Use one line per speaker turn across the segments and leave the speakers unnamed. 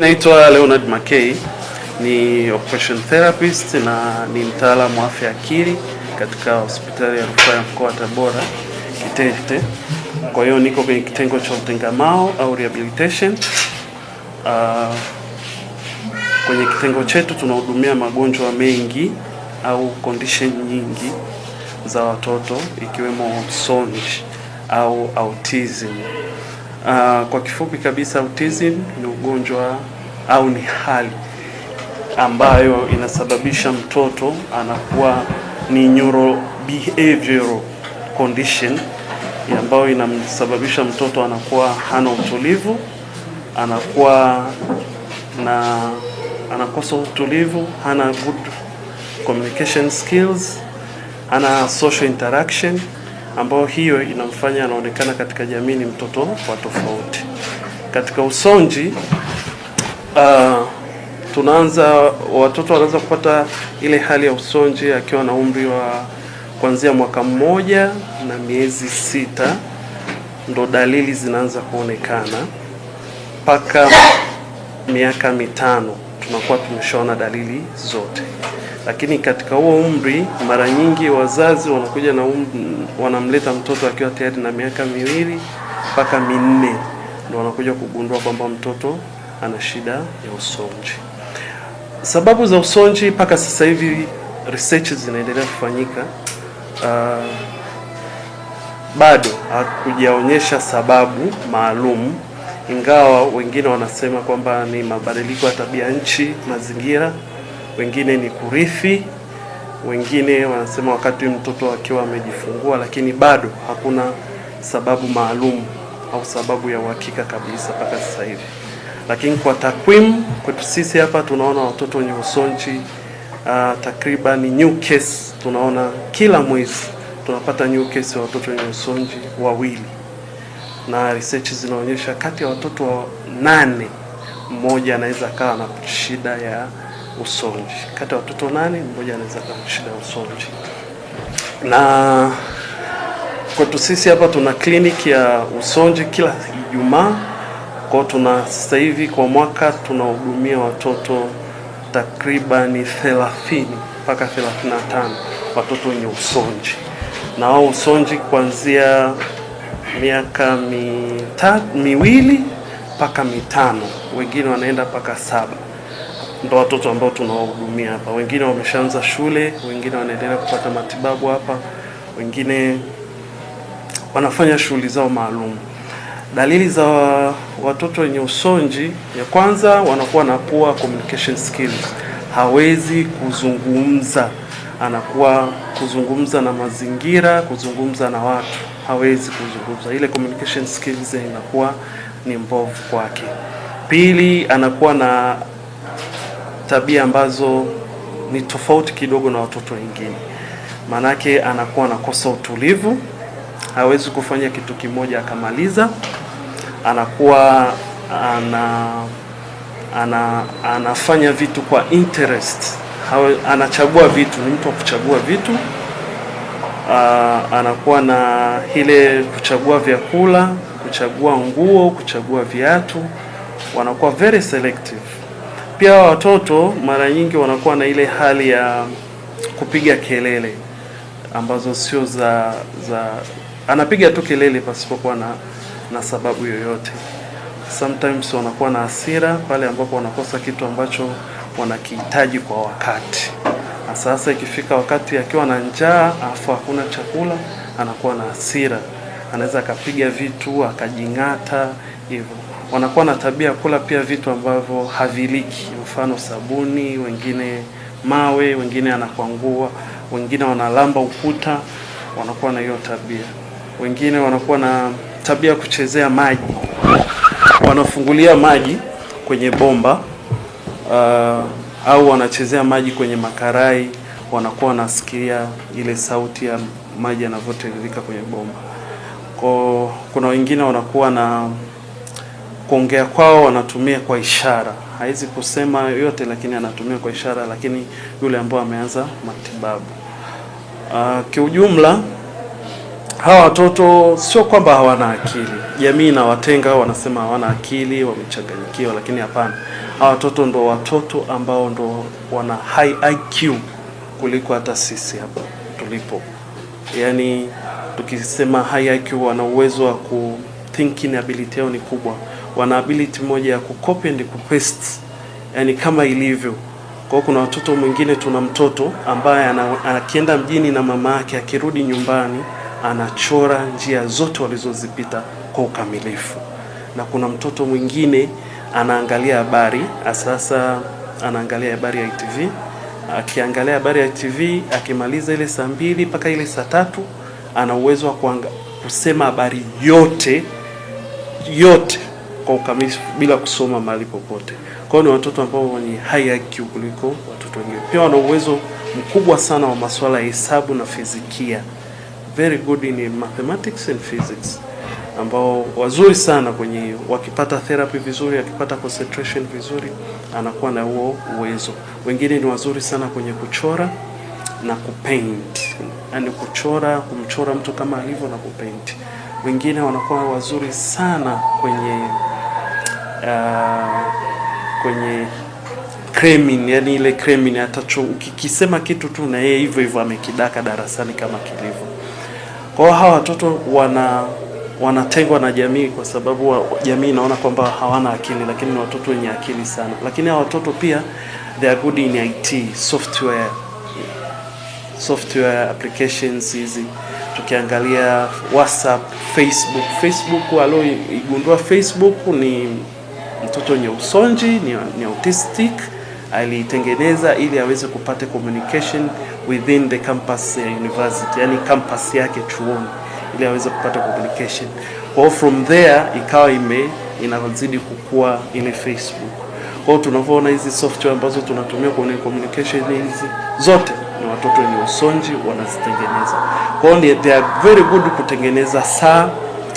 Naitwa Leonard Makei, ni occupation therapist na ni mtaalamu wa afya akili katika hospitali ya rufaa ya mkoa wa Tabora Kitete. Kwa hiyo niko kwenye kitengo cha utengamao au rehabilitation. Uh, kwenye kitengo chetu tunahudumia magonjwa mengi au condition nyingi za watoto ikiwemo sonji au autism. Uh, kwa kifupi kabisa autism ni ugonjwa au ni hali ambayo inasababisha mtoto anakuwa ni neuro behavioral condition ambayo inamsababisha mtoto anakuwa hana utulivu, anakuwa na anakosa utulivu, hana good communication skills, hana social interaction ambayo hiyo inamfanya anaonekana katika jamii ni mtoto wa tofauti. Katika usonji uh, tunaanza watoto wanaanza kupata ile hali ya usonji akiwa na umri wa kuanzia mwaka mmoja na miezi sita, ndo dalili zinaanza kuonekana mpaka miaka mitano tunakuwa tumeshaona dalili zote. Lakini katika huo umri, mara nyingi wazazi wanakuja na umri, wanamleta mtoto akiwa tayari na miaka miwili mpaka minne, ndio wanakuja kugundua kwamba mtoto ana shida ya usonji. Sababu za usonji mpaka sasa hivi research zinaendelea kufanyika, uh, bado hakujaonyesha sababu maalum, ingawa wengine wanasema kwamba ni mabadiliko ya tabia nchi, mazingira wengine ni kurithi, wengine wanasema wakati mtoto akiwa amejifungua, lakini bado hakuna sababu maalum au sababu ya uhakika kabisa mpaka sasa hivi. Lakini kwa takwimu kwetu sisi hapa tunaona watoto wenye usonji uh, ah, takriban new case tunaona kila mwezi tunapata new case ya watoto wenye usonji wawili, na research zinaonyesha kati ya watoto wa nane mmoja anaweza akawa na shida ya usonji. Kati ya watoto nane, mmoja anaweza kuwa na shida ya usonji. Na kwetu sisi hapa tuna kliniki ya usonji kila Ijumaa. Kwa tuna sasa hivi kwa mwaka tunahudumia watoto takribani 30 mpaka 35 watoto wenye usonji, na wao usonji kuanzia miaka mitatu, miwili mpaka mitano, wengine wanaenda mpaka saba ndo watoto ambao tunawahudumia hapa. Wengine wameshaanza shule, wengine wanaendelea kupata matibabu hapa, wengine wanafanya shughuli zao maalum. Dalili za watoto wenye usonji, ya kwanza wanakuwa na poor communication skills, hawezi kuzungumza, anakuwa kuzungumza na mazingira, kuzungumza na watu, hawezi kuzungumza, ile communication skills inakuwa ni mbovu kwake. Pili, anakuwa na tabia ambazo ni tofauti kidogo na watoto wengine. Maanake anakuwa anakosa utulivu, hawezi kufanya kitu kimoja akamaliza, anakuwa ana, ana, anafanya vitu kwa interest hawe, anachagua vitu, ni mtu wa kuchagua vitu. Uh, anakuwa na ile kuchagua vyakula, kuchagua nguo, kuchagua viatu, wanakuwa very selective. Pia watoto mara nyingi wanakuwa na ile hali ya kupiga kelele ambazo sio za za, anapiga tu kelele pasipokuwa na, na sababu yoyote. Sometimes wanakuwa na hasira pale ambapo wanakosa kitu ambacho wanakihitaji kwa wakati. na Sasa ikifika wakati akiwa na njaa afu hakuna chakula, anakuwa na hasira, anaweza akapiga vitu akajing'ata hivyo wanakuwa na tabia ya kula pia vitu ambavyo haviliki, mfano sabuni, wengine mawe, wengine anakwangua, wengine wanalamba ukuta, wanakuwa na hiyo tabia. Wengine wanakuwa na tabia ya kuchezea maji, wanafungulia maji kwenye bomba uh, au wanachezea maji kwenye makarai, wanakuwa wanasikia ile sauti ya maji yanavyotiririka kwenye bomba. Kwa kuna wengine wanakuwa na kuongea kwao wanatumia kwa ishara, hawezi kusema yote, lakini anatumia kwa ishara, lakini yule ambao ameanza matibabu. Uh, kiujumla hawa watoto sio kwamba hawana akili. Jamii inawatenga wanasema hawana akili, wamechanganyikiwa, lakini hapana, hawa watoto ndo watoto ambao ndo wana high IQ kuliko hata sisi hapa tulipo. Yaani tukisema high IQ, wana uwezo wa ku thinking ability yao ni kubwa wana ability moja ya kucopy and kupaste, yani kama ilivyo. Kwa kuna watoto mwingine, tuna mtoto ambaye akienda mjini na mama yake, akirudi nyumbani anachora njia zote walizozipita kwa ukamilifu, na kuna mtoto mwingine anaangalia habari sasa, anaangalia habari ya ITV akiangalia habari ya ITV akimaliza ile saa mbili mpaka ile saa tatu ana uwezo wa kusema habari yote yote kwa ukamilifu bila kusoma mahali popote. Kwa hiyo ni watoto ambao wenye high IQ kuliko watoto wengine. Pia wana uwezo mkubwa sana wa masuala ya hesabu na fizikia, very good in mathematics and physics, ambao wazuri sana kwenye hiyo. Wakipata therapy vizuri, akipata concentration vizuri, anakuwa na huo uwezo. Wengine ni wazuri sana kwenye kuchora na kupaint, yani kuchora, kumchora mtu kama alivyo na kupaint. Wengine wanakuwa wazuri sana kwenye kwenye cremin, yani ile cremin, atacho ukikisema kitu tu na yeye hivyo hivyo amekidaka darasani kama kilivyo. Kwa hiyo hawa watoto wana wanatengwa na jamii kwa sababu wa, jamii inaona kwamba hawana akili, lakini ni watoto wenye akili sana. Lakini hawa watoto pia they are good in IT software, software applications hizi tukiangalia WhatsApp, Facebook. Facebook walioigundua Facebook ni mtoto wenye usonji ni, ni autistic aliitengeneza ili aweze kupata communication within the campus ya eh, university, yani campus yake chuoni, ili aweze kupata communication. Kwa hiyo from there ikawa ime inazidi kukua ile Facebook. Kwa hiyo tunavyoona hizi software ambazo tunatumia kwa communication hizi zote ni watoto wenye usonji wanazitengeneza. Kwa hiyo they are very good kutengeneza saa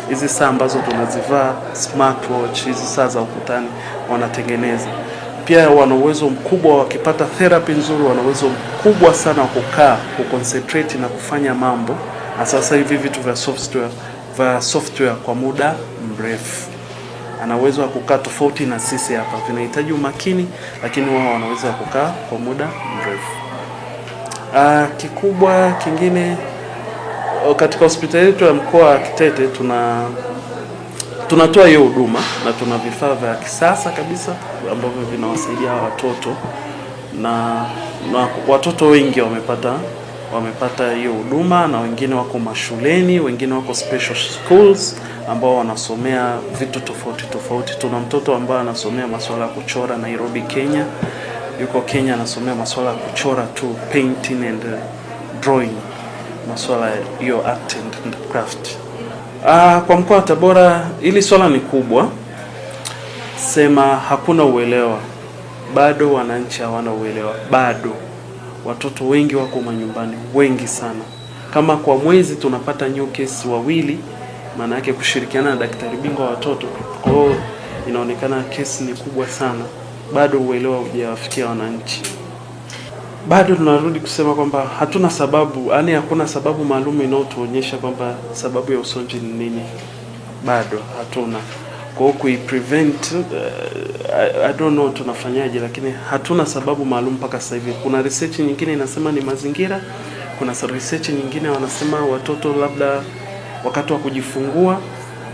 hizi saa ambazo tunazivaa smartwatch, hizi saa za ukutani wanatengeneza pia wana uwezo mkubwa, wakipata therapy nzuri, wana uwezo mkubwa sana wa kukaa kuconcentrate na kufanya mambo, na sasa hivi vitu vya software, vya software kwa muda mrefu. Ana uwezo wa kukaa tofauti na sisi hapa, vinahitaji umakini, lakini wao wanaweza kukaa kwa muda mrefu. Ah, kikubwa kingine katika hospitali yetu ya mkoa wa Kitete tuna tunatoa hiyo huduma na tuna vifaa vya kisasa kabisa ambavyo vinawasaidia watoto na, na watoto wengi wamepata wamepata hiyo huduma na wengine wako mashuleni, wengine wako special schools ambao wanasomea vitu tofauti tofauti. Tuna mtoto ambaye anasomea masuala ya kuchora Nairobi, Kenya, yuko Kenya anasomea masuala ya kuchora tu painting and drawing masuala hiyo art and craft. Ah, kwa mkoa wa Tabora hili swala ni kubwa, sema hakuna uelewa bado, wananchi hawana uelewa bado, watoto wengi wako manyumbani, wengi sana. Kama kwa mwezi tunapata new case wawili, maana yake kushirikiana na daktari bingwa watoto, kwa inaonekana kesi ni kubwa sana, bado uelewa hujawafikia wananchi bado tunarudi kusema kwamba hatuna sababu, yaani hakuna sababu maalum inayotuonyesha kwamba sababu ya usonji ni nini, bado hatuna. Kwa hiyo kuiprevent, uh, eh, I, I don't know tunafanyaje, lakini hatuna sababu maalum mpaka sasa hivi. Kuna research nyingine inasema ni mazingira, kuna research nyingine wanasema watoto labda wakati wa kujifungua,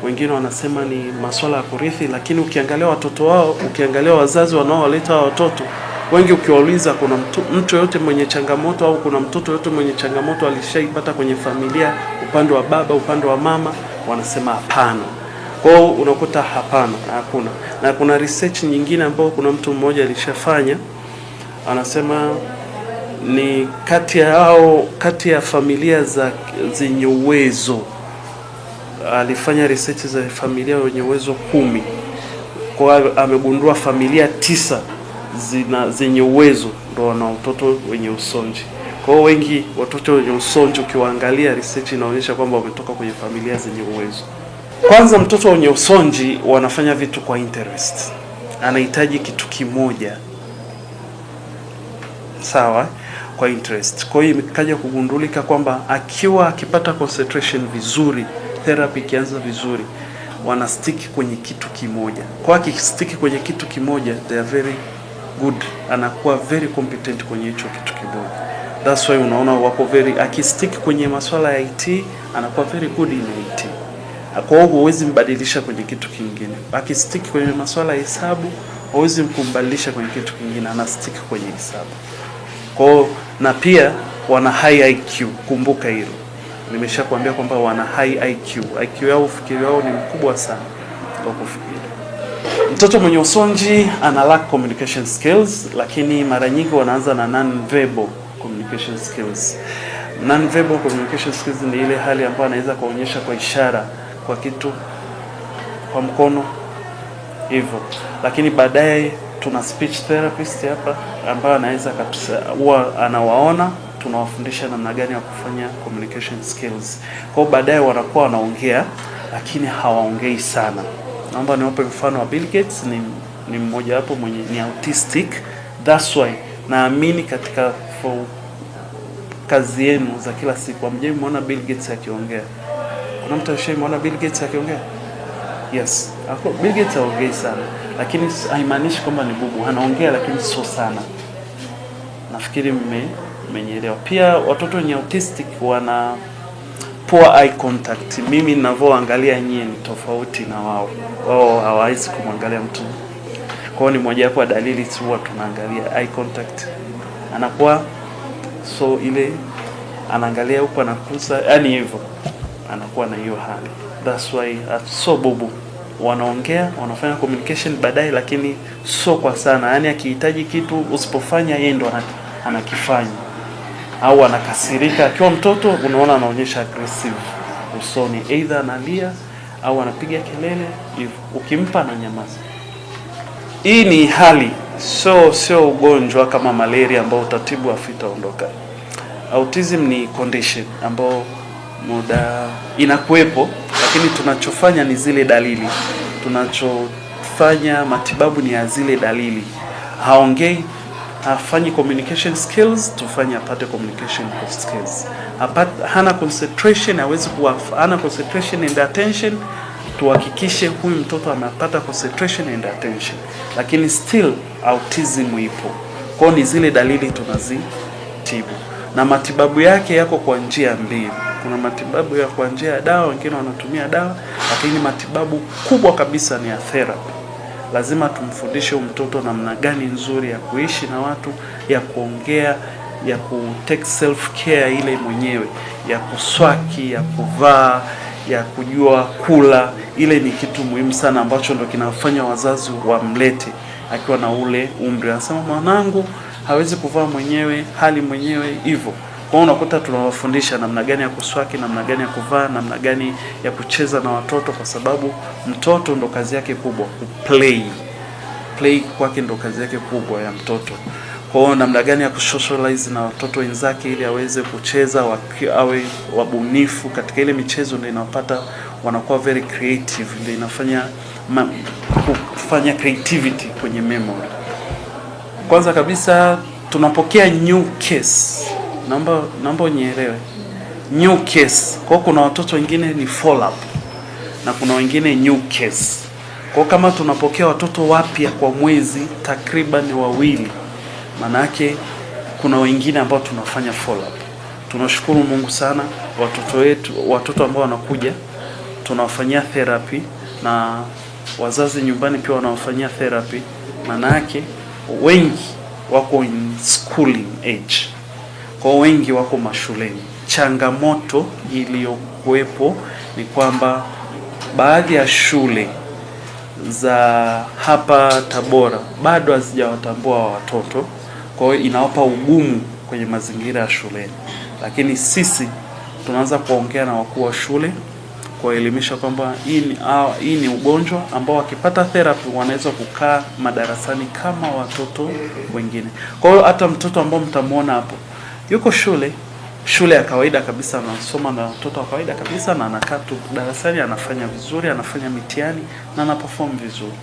wengine wanasema ni masuala ya kurithi, lakini ukiangalia watoto wao, ukiangalia wazazi wanaowaleta watoto wengi ukiwauliza, kuna mtu, mtu yoyote mwenye changamoto au kuna mtoto yoyote mwenye changamoto alishaipata kwenye familia, upande wa baba, upande wa mama, wanasema hapana. Kwao unakuta hapana, hakuna. Na kuna research nyingine ambayo kuna mtu mmoja alishafanya, anasema ni kati ya hao kati ya familia za zenye uwezo, alifanya research za familia wenye uwezo kumi, kwa amegundua familia tisa zina zenye uwezo ndo wana watoto wenye usonji. Kwa hiyo wengi watoto wenye usonji ukiwaangalia, research inaonyesha kwamba wametoka kwenye familia zenye uwezo. Kwanza, mtoto wenye usonji wanafanya vitu kwa interest, anahitaji kitu kimoja sawa, kwa interest. Kwa hiyo imekaja kugundulika kwamba akiwa akipata concentration vizuri, therapy ikianza vizuri, wanastiki kwenye kitu kimoja. Kwa akistiki kwenye kitu kimoja, they are very good, anakuwa very competent kwenye hicho kitu kidogo. That's why unaona wako very, akistick kwenye masuala ya IT anakuwa very good in IT. Kwa hiyo huwezi mbadilisha kwenye kitu kingine. Akistick kwenye masuala ya hesabu huwezi kumbadilisha kwenye kitu kingine, ana stick kwenye hesabu. Kwa hiyo na pia wana high IQ, kumbuka hilo. Nimeshakwambia kwamba wana high IQ. IQ yao, ufikiri wao ni mkubwa sana kwa kufikiri Mtoto mwenye usonji ana lack communication skills, lakini mara nyingi wanaanza na non-verbal communication skills. Non-verbal communication skills ni ile hali ambayo anaweza kuonyesha kwa ishara, kwa kitu, kwa mkono hivyo, lakini baadaye tuna speech therapist hapa ambayo anaweza huwa anawaona, tunawafundisha namna gani ya kufanya communication skills. Kwa hiyo baadaye wanakuwa wanaongea, lakini hawaongei sana naomba niwape mfano wa Bill Gates ni, ni mmoja wapo mwenye ni autistic. That's why naamini katika for kazi yenu za kila siku, amjai muona Bill Gates akiongea? Kuna mtu ashaimwona Bill Gates akiongea? Yes, ako Bill Gates haongei sana, lakini haimaanishi kwamba ni bubu. Anaongea lakini sio sana. Nafikiri mmenyeelewa Pia watoto wenye autistic wana poor eye contact. Mimi ninavyoangalia nyie ni tofauti na wao, wao hawawezi kumwangalia mtu. Kwa hiyo ni moja wapo dalili, si huwa tunaangalia eye contact, anakuwa so ile anaangalia huko anakusa, yani hivyo anakuwa na hiyo hali. That's why uh, so bubu wanaongea wanafanya communication baadaye, lakini so kwa sana, yani akihitaji kitu usipofanya, yeye ndo anakifanya au anakasirika. Akiwa mtoto, unaona anaonyesha aggressive usoni, either analia au anapiga kelele hivyo, ukimpa na nyamaza. Hii ni hali, sio sio ugonjwa kama malaria ambao utatibu afu itaondoka. Autism ni condition ambao muda inakuwepo, lakini tunachofanya ni zile dalili, tunachofanya matibabu ni ya zile dalili. Haongei afanye communication skills, tufanye apate communication skills. Apate, hana concentration, hawezi kuwa hana concentration and attention, tuhakikishe huyu mtoto anapata concentration and attention, lakini still autism ipo. Kwao ni zile dalili tunazitibu, na matibabu yake yako kwa njia mbili. Kuna matibabu ya kwa njia ya dawa, wengine wanatumia dawa, lakini matibabu kubwa kabisa ni ya therapy lazima tumfundishe mtoto namna gani nzuri ya kuishi na watu, ya kuongea, ya ku take self care ile mwenyewe, ya kuswaki, ya kuvaa, ya kujua kula. Ile ni kitu muhimu sana ambacho ndo kinafanya wazazi wamlete akiwa na ule umri, anasema mwanangu hawezi kuvaa mwenyewe, hali mwenyewe hivyo kwa hiyo unakuta tunawafundisha namna gani ya kuswaki, namna gani ya kuvaa, namna gani ya kucheza na watoto, kwa sababu mtoto ndo kazi yake kubwa kuplay. Play kwake ndo kazi yake kubwa ya mtoto. Kwa hiyo namna gani ya kusocialize na watoto wenzake ili aweze kucheza awe wabunifu katika ile michezo, ndio inawapata wanakuwa very creative, ndio inafanya ma, kufanya creativity kwenye memory. Kwanza kabisa tunapokea new case naomba naomba unielewe. New case. Kwa kuna watoto wengine ni follow up na kuna wengine new case. Kwa kama tunapokea watoto wapya kwa mwezi takriban wawili, manake kuna wengine ambao tunafanya follow up. Tunashukuru Mungu sana watoto wetu, watoto ambao wanakuja tunawafanyia therapy na wazazi nyumbani pia wanawafanyia therapy, maana wengi wako in schooling age kwa wengi wako mashuleni. Changamoto iliyokuwepo ni kwamba baadhi ya shule za hapa Tabora bado hazijawatambua watoto, kwa hiyo inawapa ugumu kwenye mazingira ya shuleni, lakini sisi tunaanza kuongea na wakuu wa shule kuwaelimisha kwamba hii ni, hii ni ugonjwa ambao wakipata therapy wanaweza kukaa madarasani kama watoto wengine. Kwa hiyo hata mtoto ambao mtamwona hapo yuko shule shule ya kawaida kabisa, anasoma na watoto wa kawaida kabisa, na anakaa tu darasani, anafanya vizuri, anafanya mitihani na anaperform vizuri.